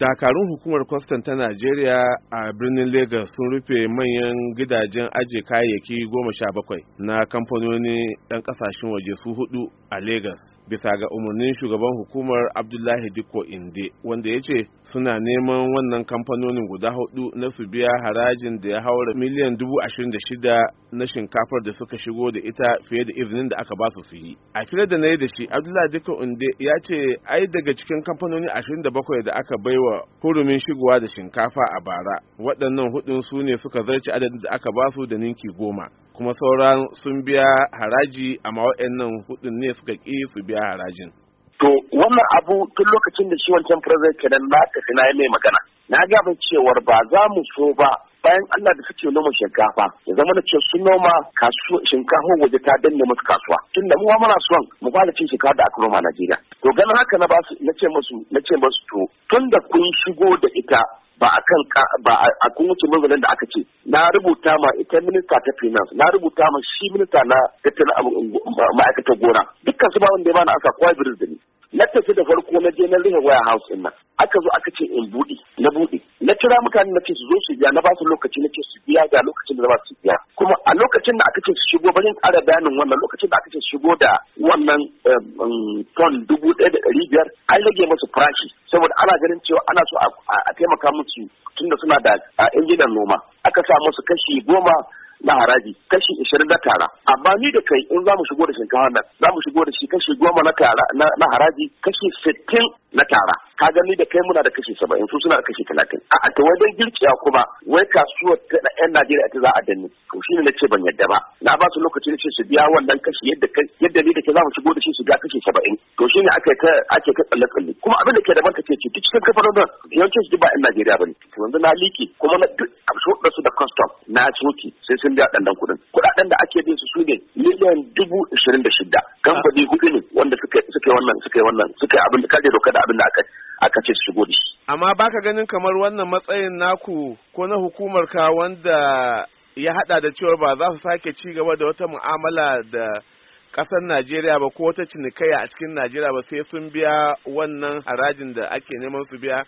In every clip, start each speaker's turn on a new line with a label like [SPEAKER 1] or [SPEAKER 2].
[SPEAKER 1] dakarun hukumar kwastan ta najeriya a birnin lagos sun rufe manyan gidajen ajiye kayayyaki goma sha bakwai na kamfanoni ɗan kasashen waje su hudu a lagos bisa ga umarnin shugaban hukumar abdullahi diko inde wanda ya ce suna neman wannan kamfanonin guda hudu na su biya harajin da ya haura miliyan dubu ashirin da shida na shinkafar da suka shigo da ita fiye da izinin da aka ba su su yi a filar da na yi da shi abdullahi diko inde ya ce ai daga cikin kamfanoni ashirin da bakwai da aka baiwa hurumin shigowa da shinkafa a bara waɗannan hudun su ne suka zarce adadin da aka ba su da ninki goma kuma sauran sun biya haraji amma waɗannan hudun ne suka ƙi su biya harajin.
[SPEAKER 2] To wannan abu tun lokacin da shi wancan zai kenan na tafi na mai magana. Na gaba cewar ba za mu so ba bayan Allah da suke noma shinkafa ya zama da ce sun noma kasuwa shinkafa waje ta danne musu kasuwa tun da mu ma muna mu fara cin shinkafa da aka noma Najeriya to ganin haka na ba su na ce musu na ce to tun da kun shigo da ita ba a kan ba a kun wuce mazalin da aka ce na rubuta ma ita minista ta finance na rubuta ma shi minista na tattalin ma'aikatar gona dukkan su ba wanda ya bani aka da birin na tafi da farko na je na rihe waya house din nan aka zo aka ce in buɗe na buɗe na kira mutane na ce su zo su biya na ba su lokaci na ce su biya ga lokacin da za su biya kuma a lokacin da aka ce su shigo bayan ƙara bayanin wannan lokacin da aka ce su shigo da wannan um, um, ton dubu ɗaya da ɗari biyar an rage musu farashi saboda ana ganin cewa ana so a taimaka musu tunda suna da injinan noma aka sa musu kashi goma na haraji kashi ishirin na tara amma ni da kai in za mu shigo da shinkafa nan za mu shigo da shi kashi goma na tara na haraji kashi sittin na tara ka gani da kai muna da kashi saba'in su suna da kashi talatin a ta wajen girkiya kuma wai kasuwar ta yan najeriya ita za a danne to shi ne na ce ban yadda ba na ba su lokaci na ce su biya wannan kashi yadda yadda ni da ke za mu shigo da shi su ga kashi saba'in to shi ne ake ta ake ta tsalle tsalle kuma abin da ke daban ka ce ce duk cikin kafar nan yawancin su ba yan najeriya ba ne yanzu na liki kuma na duk a su da custom na coki sai sun biya ɗanɗan kuɗin kuɗaɗen da ake bin su su ne miliyan dubu ashirin da shida kamfani hudu ne wanda suka yi wannan suka yi wannan suka yi abin da kaje doka da abin aka ce su shigo
[SPEAKER 1] amma baka ganin kamar wannan matsayin naku ko na hukumar ka wanda ya hada da cewa ba za su sake ci gaba da wata mu'amala da kasar Najeriya ba ko wata cinikayya a cikin Najeriya ba sai sun biya wannan harajin da ake neman su biya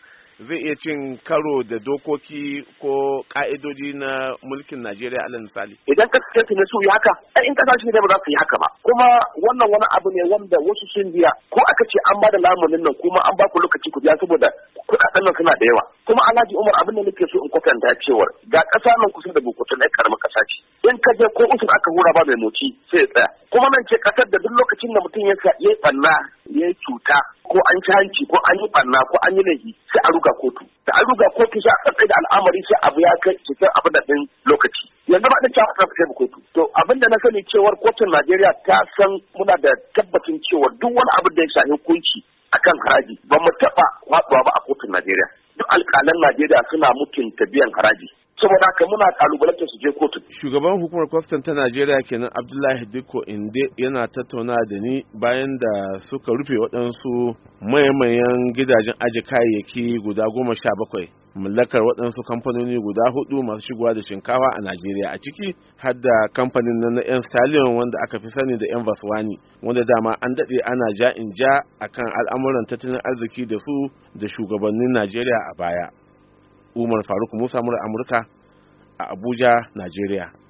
[SPEAKER 1] zai iya cin karo da dokoki ko ka'idodi na mulkin Najeriya alal misali. Idan ka su ne su yi haka, ai in kasashe ne ba za su yi haka ba. Kuma wannan wani abu ne
[SPEAKER 2] wanda wasu sun biya ko aka ce an ba da lamunin nan kuma an ba ku lokaci ku biya saboda kuɗaɗen nan suna da yawa. kuma alhaji umar abin da nake so in kwatanta cewar ga ƙasa nan kusa da bukutun ɗan karamar ƙasa ce in ka je ko usul aka hura ba mai moci sai ya tsaya kuma nan ce ƙasar da duk lokacin da mutum ya yi ɓanna ya yi cuta ko an ci hanci ko an yi ɓanna ko an yi laifi sai a ruga kotu da an ruga kotu sai a tsaye da al'amari sai abu ya kai cikin abin da ɗin lokaci yanzu ba ɗin ta fasa kai kotu to abin da na sani cewar kotun najeriya ta san muna da tabbacin cewa duk wani abin da ya shafi hukunci akan haraji ba mu taɓa faɗuwa ba a kotun najeriya wasu alkalan Najeriya suna mutunta biyan haraji. saboda haka muna kalubalantar su je kotu.
[SPEAKER 1] Shugaban hukumar kwastan ta Najeriya kenan Abdullahi Dikko Inde yana tattauna da ni bayan da suka rufe waɗansu mayamayan gidajen ajiye kayayyaki guda goma sha bakwai. mallakar waɗansu kamfanoni guda hudu masu shigowa da shinkawa a najeriya a ciki har da kamfanin nan na yan saliyon wanda aka fi sani da yan vaswani wanda dama an daɗe ana ja in ja akan al'amuran tattalin arziki da su da shugabannin najeriya a baya umar faruk musa mura amurka a abuja najeriya